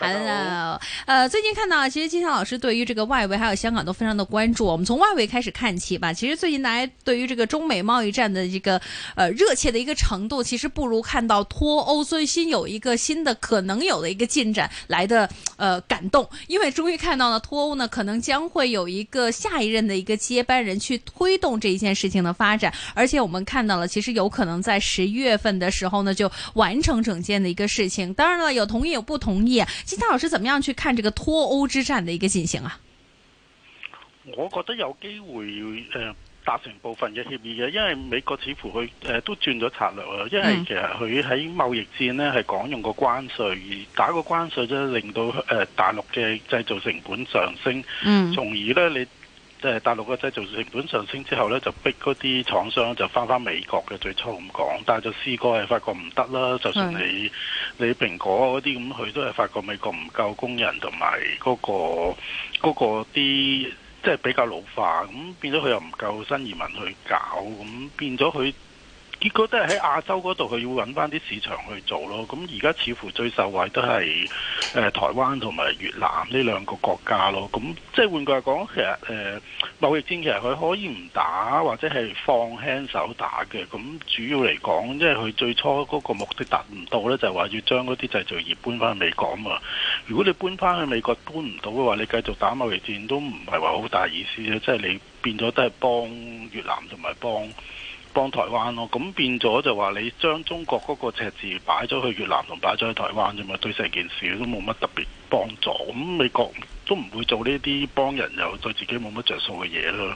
Hello，呃，最近看到，其實金湘老師對於這個外圍還有香港都非常的關注。我們從外圍開始看起吧。其實最近大家對於這個中美貿易戰的這個呃熱切的一個程度，其實不如看到脫歐最新有一個新的可能有的一個進展來的呃感動。因為終於看到了脫歐呢，可能將會有一個下一任的一個接班人去推動這一件事情的發展。而且我們看到了，其實有可能在十一月份的時候呢，就完成整件的一個事情。當然了，有同意有不同。同意，金曹老師，怎麼樣去看這個脫歐之戰的一個進行啊？我覺得有機會誒、呃、達成部分嘅協議嘅，因為美國似乎佢誒、呃、都轉咗策略啊，因為其實佢喺貿易戰咧係講用個關稅而打個關稅咧，令到誒、呃、大陸嘅製造成本上升，嗯，從而咧你。即係大陸嘅製造成本上升之後呢，就逼嗰啲廠商就返返美國嘅最初咁講，但係就試過係發覺唔得啦。就算你你蘋果嗰啲咁，佢都係發覺美國唔夠工人同埋嗰個嗰個啲即係比較老化，咁變咗佢又唔夠新移民去搞，咁變咗佢。結果都係喺亞洲嗰度，佢要揾翻啲市場去做咯。咁而家似乎最受惠都係台灣同埋越南呢兩個國家咯。咁即係換句話講，其實誒、呃、貿易戰其實佢可以唔打，或者係放輕手打嘅。咁主要嚟講，即係佢最初嗰個目的達唔到呢，就係、是、話要將嗰啲製造業搬翻去美國啊嘛。如果你搬翻去美國搬唔到嘅話，你繼續打貿易戰都唔係話好大意思。即係你變咗都係幫越南同埋幫。幫台灣咯，咁變咗就話你將中國嗰個赤字擺咗去越南同擺咗去台灣啫嘛，對成件事都冇乜特別。幫助咁，美國都唔會做呢啲幫人又對自己冇乜着數嘅嘢咯。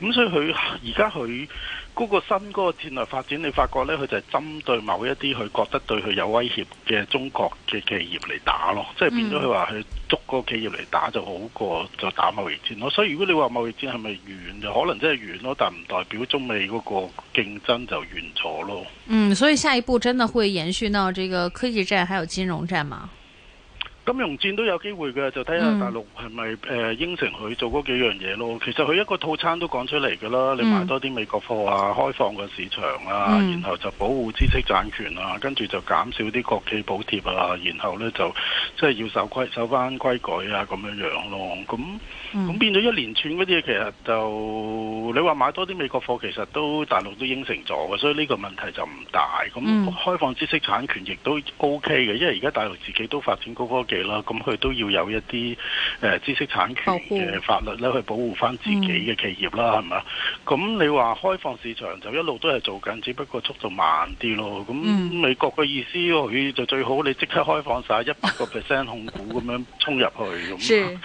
咁、嗯、所以佢而家佢嗰個新嗰個戰略發展，你發覺呢？佢就係針對某一啲佢覺得對佢有威脅嘅中國嘅企業嚟打咯。即係變咗佢話去捉嗰個企業嚟打就好過就打貿易戰咯。所以如果你話貿易戰係咪完就可能真係完咯，但唔代表中美嗰個競爭就完咗咯。嗯，所以下一步真的會延續到這個科技戰，還有金融戰嗎？金融戰都有機會嘅，就睇下大陸係咪誒應承佢做嗰幾樣嘢咯。其實佢一個套餐都講出嚟㗎啦，你買多啲美國貨啊、嗯，開放個市場啊、嗯，然後就保護知識產權啊，跟住就減少啲國企補貼啊，然後呢就即係、就是、要守規守翻規矩啊咁樣咁樣咯。咁咁、嗯、變咗一連串嗰啲嘢，其實就你話買多啲美國貨，其實都大陸都應承咗嘅，所以呢個問題就唔大。咁、嗯、開放知識產權亦都 OK 嘅，因為而家大陸自己都發展嗰、嗰個啦，咁佢都要有一啲、呃、知識產權嘅法律咧，去保護翻自己嘅企業啦，係咪啊？咁你話開放市場就一路都係做緊，只不過速度慢啲咯。咁美國嘅意思，佢、嗯、就最好你即刻開放晒一百個 percent 控股咁樣衝入去咁， 是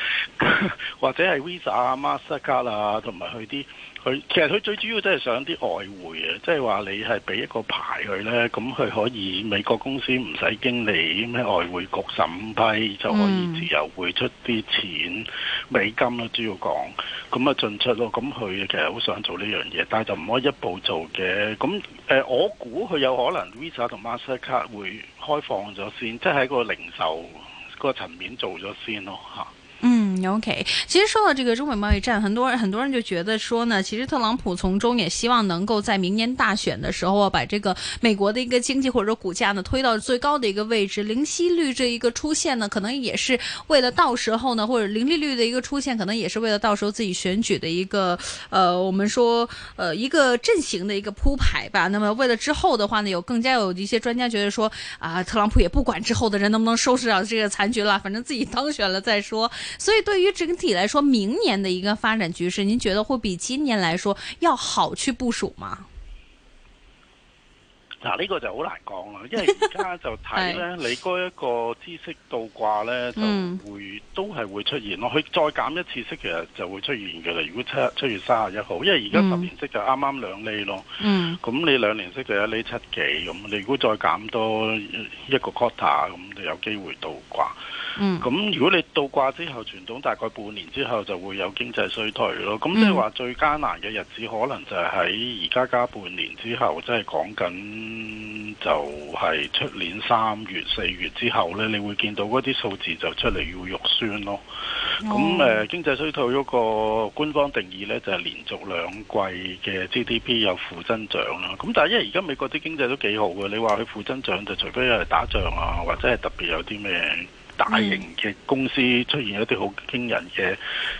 或者係 Visa 啊、Mastercard 啊，同埋去啲。佢其實佢最主要都係想啲外匯啊，即係話你係俾一個牌佢咧，咁佢可以美國公司唔使經你咩外匯局審批就可以自由匯出啲錢、mm. 美金咯，主要講咁啊進出咯。咁佢其實好想做呢樣嘢，但係就唔可以一步做嘅。咁誒、呃，我估佢有可能 Visa 同 Mastercard 會開放咗先，即係喺個零售個層面做咗先咯嚇。嗯、mm.。OK，其實說到這個中美貿易戰，很多人很多人就覺得說呢，其實特朗普從中也希望能夠在明年大選的時候，啊，把這個美國的一個經濟或者說股價呢推到最高的一個位置。零息率這一個出現呢，可能也是為了到時候呢，或者零利率的一個出現，可能也是為了到時候自己選舉的一個呃，我們說呃一個陣型的一個鋪排吧。那麼為了之後的話呢，有更加有一些專家覺得說啊，特朗普也不管之後的人能不能收拾上這個殘局了，反正自己當選了再說。所以，對。對於整體來說，明年嘅一個發展局勢，您覺得會比今年來說要好去部署嗎？嗱，呢個就好難講啦，因為而家就睇咧，你 嗰一個知識倒掛咧， 就會都係會出現咯。佢、嗯、再減一次息，其實就會出現噶啦。如果七七月三十一號，因為而家十年息就啱啱兩厘咯，嗯，咁你兩年息就一厘七幾咁，你如果再減多一個 quarter 咁就有機會倒掛。咁、嗯、如果你倒掛之後，傳統大概半年之後就會有經濟衰退咯。咁你話最艱難嘅日子可能就係喺而家加半年之後，即係講緊就係出年三月四月之後呢，你會見到嗰啲數字就出嚟要肉酸咯。咁誒經濟衰退嗰個官方定義呢，就係連續兩季嘅 GDP 有負增長啦。咁但係因為而家美國啲經濟都幾好嘅，你話佢負增長就除非係打仗啊，或者係特別有啲咩。嗯，大型嘅公司出現一啲好驚人嘅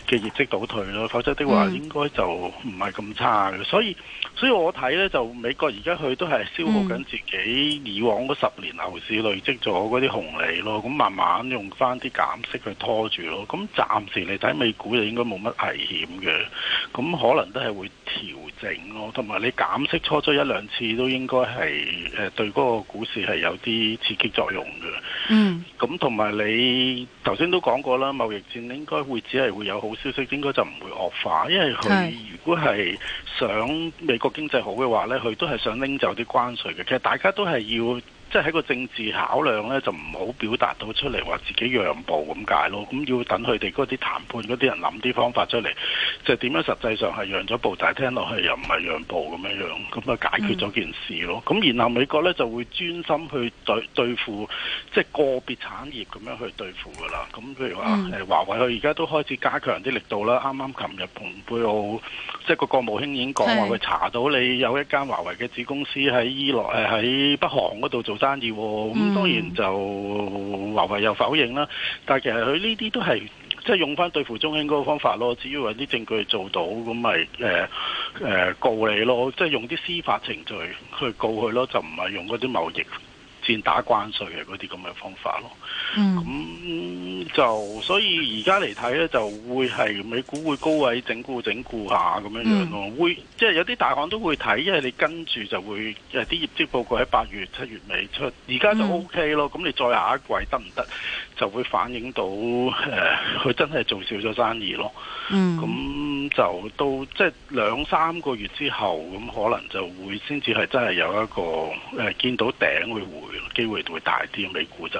嘅業績倒退咯，否則的話應該就唔係咁差嘅。所以所以我睇呢，就美國而家佢都係消耗緊自己以往十年牛市累積咗嗰啲紅利咯，咁慢慢用翻啲減息去拖住咯。咁暫時你睇美股就應該冇乜危險嘅，咁可能都係會調整咯。同埋你減息初初一兩次都應該係誒對嗰個股市係有啲刺激作用嘅。嗯，咁同埋你頭先都講過啦，貿易戰應該會只係會有好消息，應該就唔會惡化，因為佢如果係想美國經濟好嘅話呢，佢都係想拎走啲關稅嘅。其實大家都係要。即係喺個政治考量咧，就唔好表達到出嚟話自己讓步咁解咯。咁要等佢哋嗰啲談判嗰啲人諗啲方法出嚟，就點、是、樣實際上係讓咗步，但係聽落去又唔係讓步咁樣樣，咁啊解決咗件事咯。咁、嗯、然後美國咧就會專心去對，對付，即、就、係、是、個別產業咁樣去對付噶啦。咁譬如話誒華為佢而家都開始加強啲力度啦。啱啱琴日蓬佩奧即係個國務卿已經講話，會查到你有一間華為嘅子公司喺伊朗誒喺北韓嗰度做。生意咁，當然就華為又否認啦，但係其實佢呢啲都係即係用翻對付中興嗰個方法咯，只要有啲證據做到咁咪誒誒告你咯，即係用啲司法程序去告佢咯，就唔係用嗰啲貿易戰打關稅嘅嗰啲咁嘅方法咯，咁、mm. 就所以而家嚟睇咧，就會係美股會高位整固整固下咁樣樣咯，mm. 會即係、就是、有啲大行都會睇，因為你跟住就會誒啲業績報告喺八月七月尾出，而家就 O K 咯，咁、mm. 你再下一季得唔得，就會反映到誒佢、呃、真係做少咗生意咯，咁、mm.。咁就到即係兩三個月之後，咁可能就會先至係真係有一個誒見到頂會回，機會會大啲，美股就。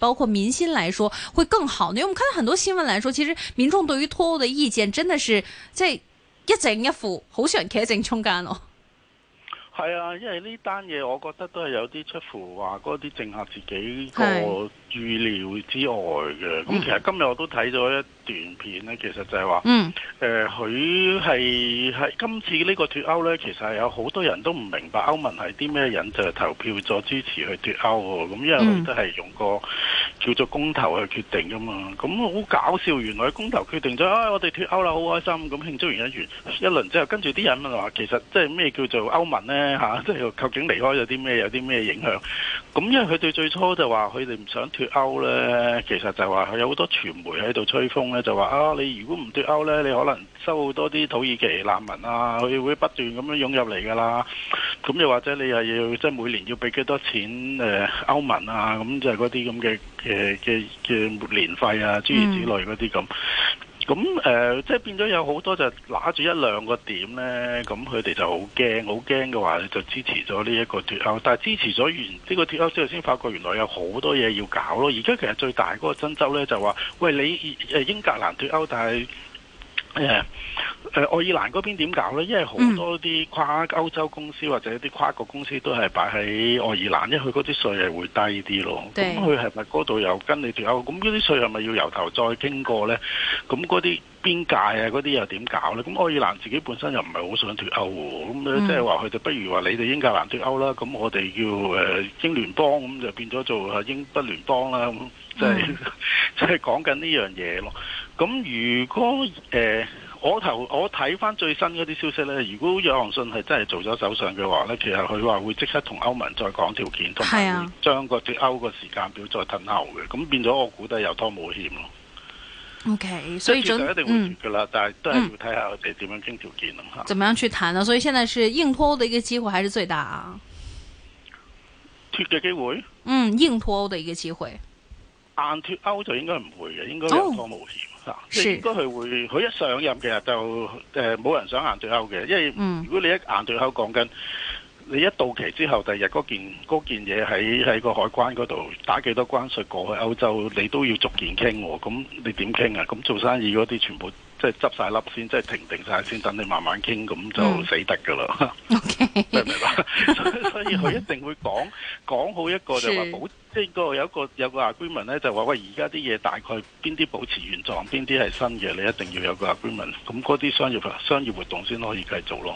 包括民心來說會更好，因為我們看到很多新聞來說，其實民眾對於脱歐嘅意見真的是在一正一負，好少人企喺正中間咯。係啊，因為呢單嘢我覺得都係有啲出乎話嗰啲政客自己個預料之外嘅。咁其實今日我都睇咗一段片咧，其實就係話，誒佢係係今次這個脫呢個脫歐咧，其實有好多人都唔明白歐盟係啲咩人就係投票咗支持去脫歐喎。咁、嗯、因為佢都係用個叫做公投去決定㗎嘛。咁好搞笑，原來公投決定咗、哎，我哋脫歐啦，好開心，咁慶祝完一完，一輪之後，跟住啲人問話，其實即係咩叫做歐盟咧？吓、啊，即係究竟離開咗啲咩，有啲咩影響？咁因為佢哋最初就話佢哋唔想脫歐咧，其實就話佢有好多傳媒喺度吹風。咧就話啊，你如果唔脱歐呢，你可能收好多啲土耳其難民啊，佢會不斷咁樣湧入嚟噶啦。咁又或者你又要即係每年要畀幾多少錢誒、呃、歐盟啊？咁就係嗰啲咁嘅嘅嘅嘅年費啊、嗯，諸如此類嗰啲咁。咁誒、呃，即係變咗有好多就攞住一兩個點呢。咁佢哋就好驚，好驚嘅話就支持咗呢一個脱歐，但係支持咗完呢、呢個脱歐之後，先發覺原來有好多嘢要搞咯。而家其實最大嗰個爭執呢，就話，喂，你英格蘭脱歐，但係，誒誒，愛爾蘭嗰邊點搞呢？因為好多啲跨歐洲公司或者啲跨國公司都係擺喺愛爾蘭，因為佢嗰啲稅係會低啲咯。咁佢係咪嗰度又跟你脱歐？咁呢啲稅係咪要由頭再傾過呢？咁嗰啲邊界啊，嗰啲又點搞呢？咁愛爾蘭自己本身又唔係好想脱歐，咁即係話佢哋不如話你哋英格蘭脱歐啦。咁我哋要誒英聯邦咁就變咗做英不聯邦啦。咁即係即係講緊呢樣嘢咯。嗯 咁、嗯、如果誒、呃，我頭我睇翻最新嗰啲消息咧，如果約翰遜係真係做咗首相嘅話咧，其實佢話會即刻同歐盟再講條件，同埋將個脱歐個時間表再褪後嘅，咁、啊、變咗我估都係有拖冇險咯。OK，所以就，就一定會嘅啦、嗯，但係都係要睇下佢哋點樣傾條件啦嚇、嗯。怎麼樣去談呢？所以現在是硬脱歐嘅一個機會，還是最大啊，脱嘅機會，嗯，硬脱歐嘅一個機會，硬脱歐就應該唔會嘅，應該有拖冇險。哦嗱，即係應該係會，佢一上任嘅日就，誒，冇人想硬對口嘅，因為如果你一硬對口講緊，你一到期之後第二日嗰件嗰件嘢喺喺個海關嗰度打幾多關稅過去歐洲，你都要逐件傾，咁你點傾啊？咁做生意嗰啲全部即係執晒粒先，即係停定晒先，等你慢慢傾，咁就死得噶啦，明唔明白？所以所以佢一定會講講好一個就話保。即係個有一個有一個 agreement 咧，就話喂而家啲嘢大概邊啲保持原狀，邊啲係新嘅，你一定要有個 agreement。咁嗰啲商業商業活動先可以繼續咯。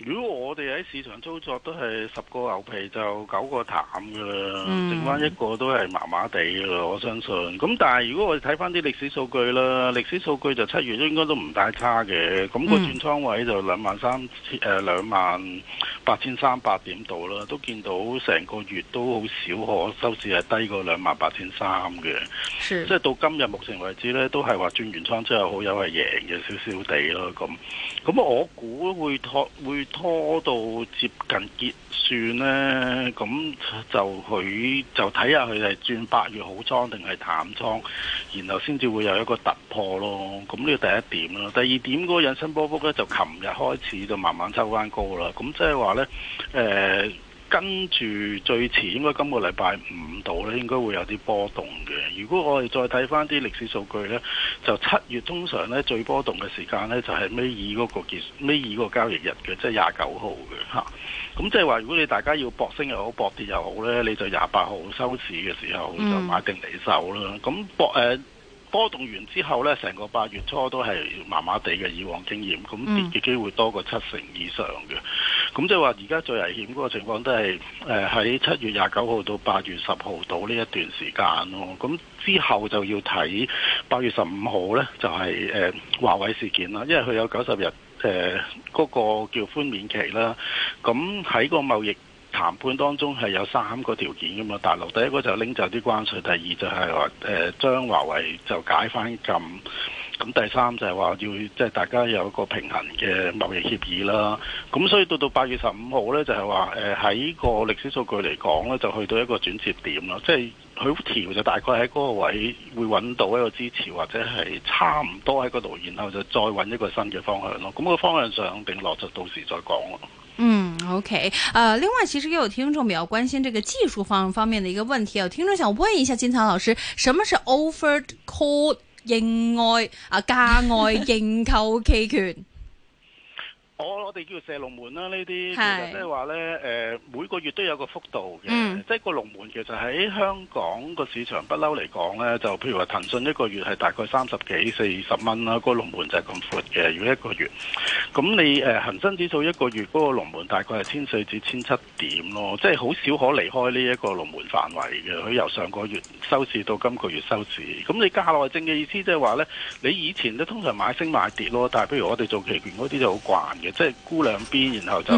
如果我哋喺市場操作，都係十個牛皮就九個淡嘅啦，剩翻一個都係麻麻地嘅啦。我相信、mm。咁但係如果我哋睇翻啲歷史數據啦，歷史數據就七月都應該都唔太差嘅。咁個轉倉位就兩萬三誒兩萬八千三百點度啦，都見到成個月都好少可收市係低過兩萬八千三嘅。即係到今日目前為止咧，都係話轉完倉之後好有係贏嘅少少地咯。咁咁我估會托會。拖到接近結算呢，咁就佢就睇下佢係轉八月好倉定係淡倉，然後先至會有一個突破咯。咁呢個第一點啦。第二點嗰個引伸波幅咧，就琴日開始就慢慢抽翻高啦。咁即係話呢。誒、呃。跟住最遲應該今個禮拜五到咧，應該會有啲波動嘅。如果我哋再睇翻啲歷史數據咧，就七月通常咧最波動嘅時間咧就係尾二嗰個結尾二個交易日嘅，即係廿九號嘅嚇。咁即係話，啊、如果你大家要搏升又好，搏跌又好咧，你就廿八號收市嘅時候就買定離手啦。咁、嗯、搏波動完之後咧，成個八月初都係麻麻地嘅，以往經驗，咁跌嘅機會多過七成以上嘅。咁即係話，而家最危險嗰個情況都係喺七月廿九號到八月十號到呢一段時間咯。咁之後就要睇八月十五號呢，就係呃，華為事件啦，因為佢有九十日嗰、呃嗰個叫寬免期啦。咁喺個貿易談判當中係有三個條件㗎嘛，大陸第一個就拎走啲關稅，第二就係話將華為就解返禁。咁第三就係話要即係大家有一個平衡嘅貿易協議啦。咁所以到到八月十五號呢就是，就係話誒喺個歷史數據嚟講呢就去到一個轉折點啦。即係佢調就大概喺嗰個位會揾到一個支持，或者係差唔多喺個度，然後就再揾一個新嘅方向咯。咁、那個方向上定落就到時再講咯。嗯，OK。誒，另外其實有聽眾比較關心這個技術方方面嘅一個問題，有聽眾想問一下金曹老師，什麼是 offered code 應外啊，價外認購期權。 哦、我我哋叫射龍門啦，呢啲其實即係話呢，每個月都有個幅度嘅、嗯，即係個龍門其實喺香港個市場不嬲嚟講呢，就譬如話騰訊一個月係大概三十幾四十蚊啦，個龍門就係咁闊嘅，如果一個月。咁你恒、呃、恆生指數一個月嗰、嗰個龍門大概係千四至千七點咯，即係好少可離開呢一個龍門範圍嘅。佢由上個月收市到今個月收市，咁你價內證嘅意思即係話呢，你以前都通常買升買跌咯，但係譬如我哋做期權嗰啲就好慣。即、就、係、是、估兩邊，然後就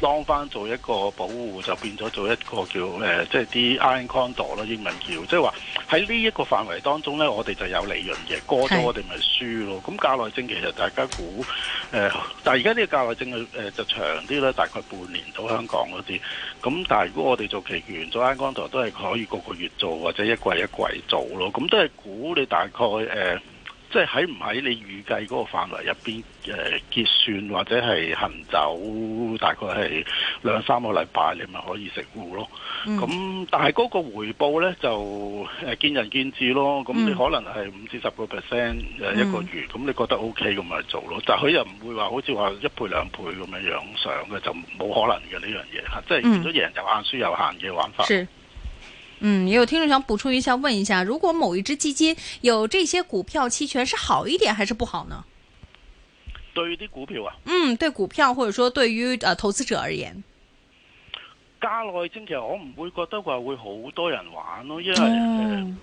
當翻做一個保護，嗯、就變咗做一個叫誒，即係啲 Iron Condor 咯，英文叫，即係話喺呢一個範圍當中呢，我哋就有利潤嘅，過咗我哋咪輸咯。咁價內證其實大家估誒、呃，但係而家呢個價內證就長啲啦，大概半年到香港嗰啲。咁但係如果我哋做期權做 Iron Condor 都係可以個個月做或者一季一季做咯。咁都係估你大概誒。即係喺唔喺你預計嗰個範圍入邊，誒，結算或者係行走，大概係兩三個禮拜，你咪可以食糊咯。咁、嗯嗯、但係嗰個回報咧就誒見仁見智咯。咁、嗯嗯嗯、你可能係五至十個 percent 一個月，咁、嗯嗯嗯、你覺得 O K，咁咪做咯。就佢又唔會話好似話一倍兩倍咁樣樣上嘅，就冇可能嘅呢、嗯、樣嘢即係見到贏就硬輸有限嘅玩法。嗯，也有聽眾想補充一下，問一下，如果某一支基金有這些股票期權，是好一點還是不好呢？對啲股票啊？嗯，對股票，或者說對於呃投資者而言，家陣，其實我唔會覺得話會好多人玩咯，因為。哦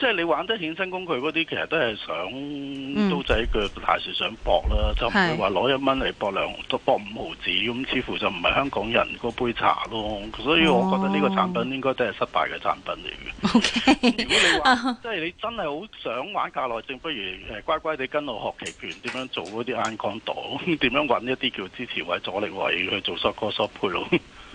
即係你玩得衍生工具嗰啲，其實都係想刀仔鋸大、嗯、樹想搏啦，就唔會話攞一蚊嚟搏兩，搏五毫子咁，似乎就唔係香港人嗰杯茶咯。所以我覺得呢個產品應該都係失敗嘅產品嚟嘅。哦 okay. 如果你話 即係你真係好想玩價內證，不如乖乖地跟我學期權點樣做嗰啲鈞光倒，點樣搵一啲叫支持位、阻力位去做 short call short put 咯。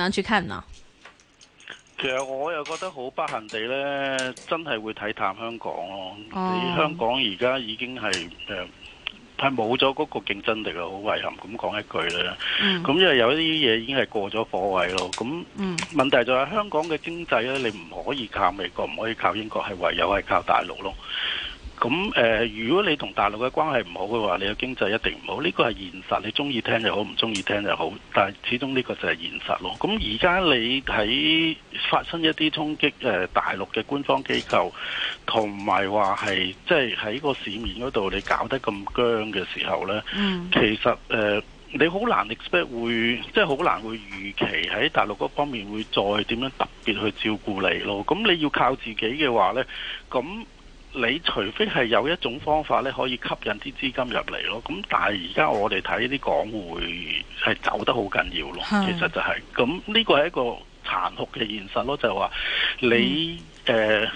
要去看呢，啊？其實我又覺得好不幸地咧，真係會睇淡香港咯。嗯、香港而家已經係誒，係冇咗嗰個競爭力咯，好遺憾咁講一句咧。咁、嗯、因為有啲嘢已經係過咗火位咯。咁、嗯、問題就係香港嘅經濟咧，你唔可以靠美國，唔可以靠英國，係唯有係靠大陸咯。咁誒、呃，如果你同大陸嘅關係唔好嘅話，你嘅經濟一定唔好。呢、這個係現實，你中意聽就好，唔中意聽就好。但始終呢個就係現實咯。咁而家你喺發生一啲衝擊誒大陸嘅官方機構，同埋話係即係喺個市面嗰度你搞得咁僵嘅時候呢，嗯、其實誒、呃、你好難 expect 會即係好難會預期喺大陸嗰方面會再點樣特別去照顧你咯。咁你要靠自己嘅話呢。咁。你除非係有一種方法咧，可以吸引啲資金入嚟咯。咁但係而家我哋睇呢啲港匯係走得好緊要咯。其實就係、是，咁，呢個係一個殘酷嘅現實咯。就係、是、話，你誒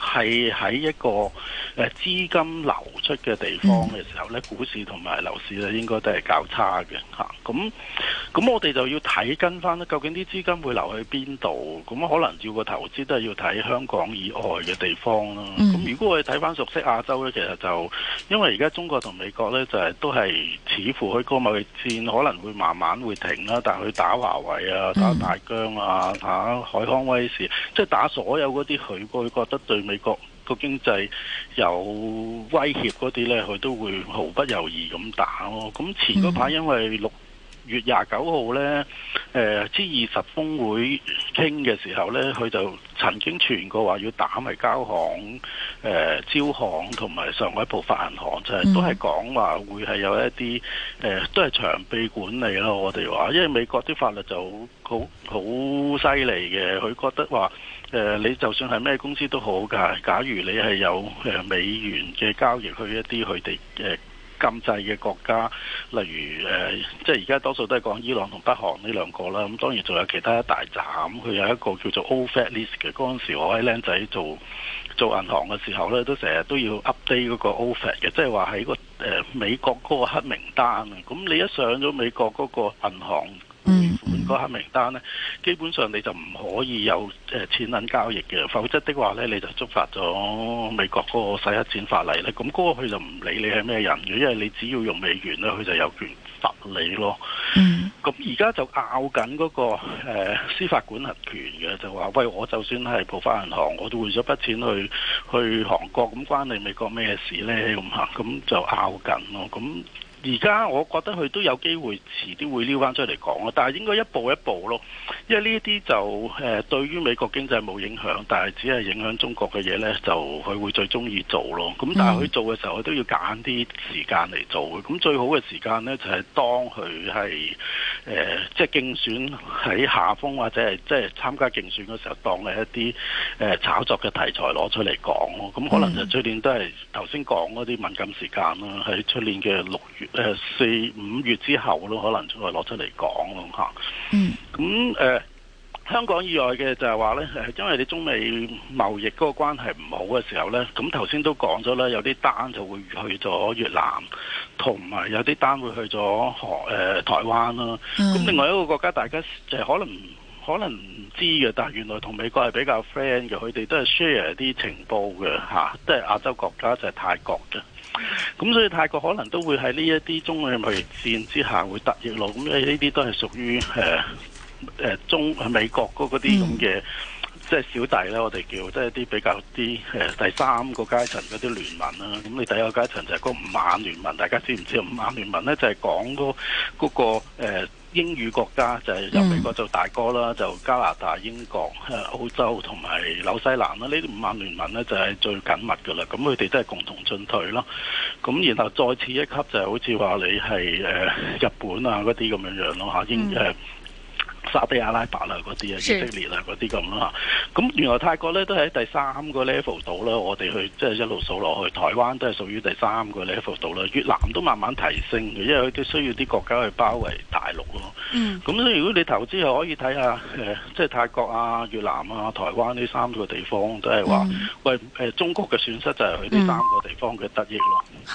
係喺一個，誒資金流出嘅地方嘅時候呢，嗯、股市同埋樓市呢應該都係較差嘅。吓咁咁我哋就要睇跟翻呢，究竟啲資金會流去邊度？咁可能照個投資都係要睇香港以外嘅地方啦，咁、嗯、如果我哋睇翻熟悉亞洲呢，其實就因為而家中國同美國呢，就係、是，都係似乎去個貿易戰可能會慢慢會停啦，但係佢打華為啊、打大疆啊、啊、海康威視、嗯，即係打所有嗰啲佢會覺得對美國個經濟有威脅嗰啲呢，佢都會毫不猶豫咁打咯、哦。咁前個排因為六月廿九號呢，誒 G 二十峰會傾嘅時候呢，佢就曾經傳過話要打埋交行、誒、呃、招行同埋上海浦發銀行，行，就係、是、都係講話會係有一啲誒、呃，都係長臂管理咯。我哋話，因為美國啲法律就好好犀利嘅，佢覺得話。誒、呃、你就算係咩公司都好㗎，假如你係有、呃、美元嘅交易去一啲佢哋禁制嘅國家，例如誒、呃，即係而家多數都係講伊朗同北韓呢兩個啦。咁、嗯、當然仲有其他一大站，佢有一個叫做 OFAC list 嘅。嗰陣時我喺僆仔做做銀行嘅時候咧，都成日都要 update 嗰個 OFAC 嘅，即係話喺個、呃、美國嗰個黑名單。咁你一上咗美國嗰個銀行。匯款嗰名單咧，基本上你就唔可以有誒錢銀交易嘅，否則的話咧你就觸發咗美國個洗黑錢法例咧。咁嗰個佢就唔理你係咩人嘅，因為你只要用美元咧，佢就有權罰你咯。嗯，咁而家就拗緊嗰個司法管核權嘅，就話喂，我就算係浦發銀行，我都匯咗筆錢去去韓國，咁關你美國咩事咧？咁嚇，咁就拗緊咯，咁。而家我覺得佢都有機會遲啲會撩翻出嚟講啊，但係應該一步一步咯，因為呢啲就誒對於美國經濟冇影響，但係只係影響中國嘅嘢咧，就佢會最中意做咯。咁但係佢做嘅時候，佢都要揀啲時間嚟做嘅。咁最好嘅時間咧、呃，就係當佢係誒即係競選喺下風或者係即係參加競選嘅時候，當係一啲誒炒作嘅題材攞出嚟講咯。咁可能就出年都係頭先講嗰啲敏感時間啦，喺出年嘅六月，誒、呃，四五月之後咯，可能再攞出嚟講咯嚇。嗯。咁誒、呃，香港以外嘅就係話咧，係因為你中美貿易嗰個關係唔好嘅時候咧，咁頭先都講咗啦，有啲單就會去咗越南，同埋有啲單會去咗韓誒台灣啦。咁、嗯、另外一個國家，大家就可能可能唔知嘅，但係原來同美國係比較 friend 嘅，佢哋都係 share 啲情報嘅嚇，即、啊、係、就係、亞洲國家就係、係、泰國嘅。咁所以泰國可能都會喺呢一啲中美貿易戰之下會突熱路，咁誒呢啲都係屬於誒誒中美國嗰啲咁嘅，即係小弟啦，我哋叫，即係啲比較啲誒第三個階層嗰啲聯盟啦，咁、嗯、你第一個階層就係嗰五眼聯盟，大家知唔知道五眼聯盟咧？就係講嗰嗰個、那個呃英語國家就係、是、由美國做大哥啦，mm. 就加拿大、英國、澳洲同埋紐西蘭啦，呢啲五眼聯盟咧就係最緊密噶啦，咁佢哋都係共同進退咯。咁然後再次一級就好似話你係誒日本啊嗰啲咁樣樣咯英沙地阿拉伯啊，嗰啲啊，以色列啊，嗰啲咁啦，咁原來泰國咧都喺第三個 level 度啦，我哋去即係、就是、一路數落去，台灣都係屬於第三個 level 度啦。越南都慢慢提升嘅，因為佢都需要啲國家去包圍大陸咯。所、嗯、以如果你投資係可以睇下即係、就是、泰國啊、越南啊、台灣呢三個地方都係話、嗯，喂中國嘅損失就係佢呢三個地方嘅得益咯。嗯嗯。